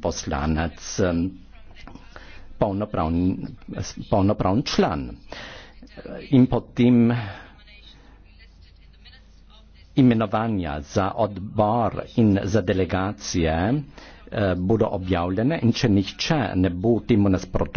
poslanec, polnopravni, polnopravni član. In potem imenovanja za odbor in za delegacije eh, bodo objavljene in če nihče ne bo temu nasprotoval,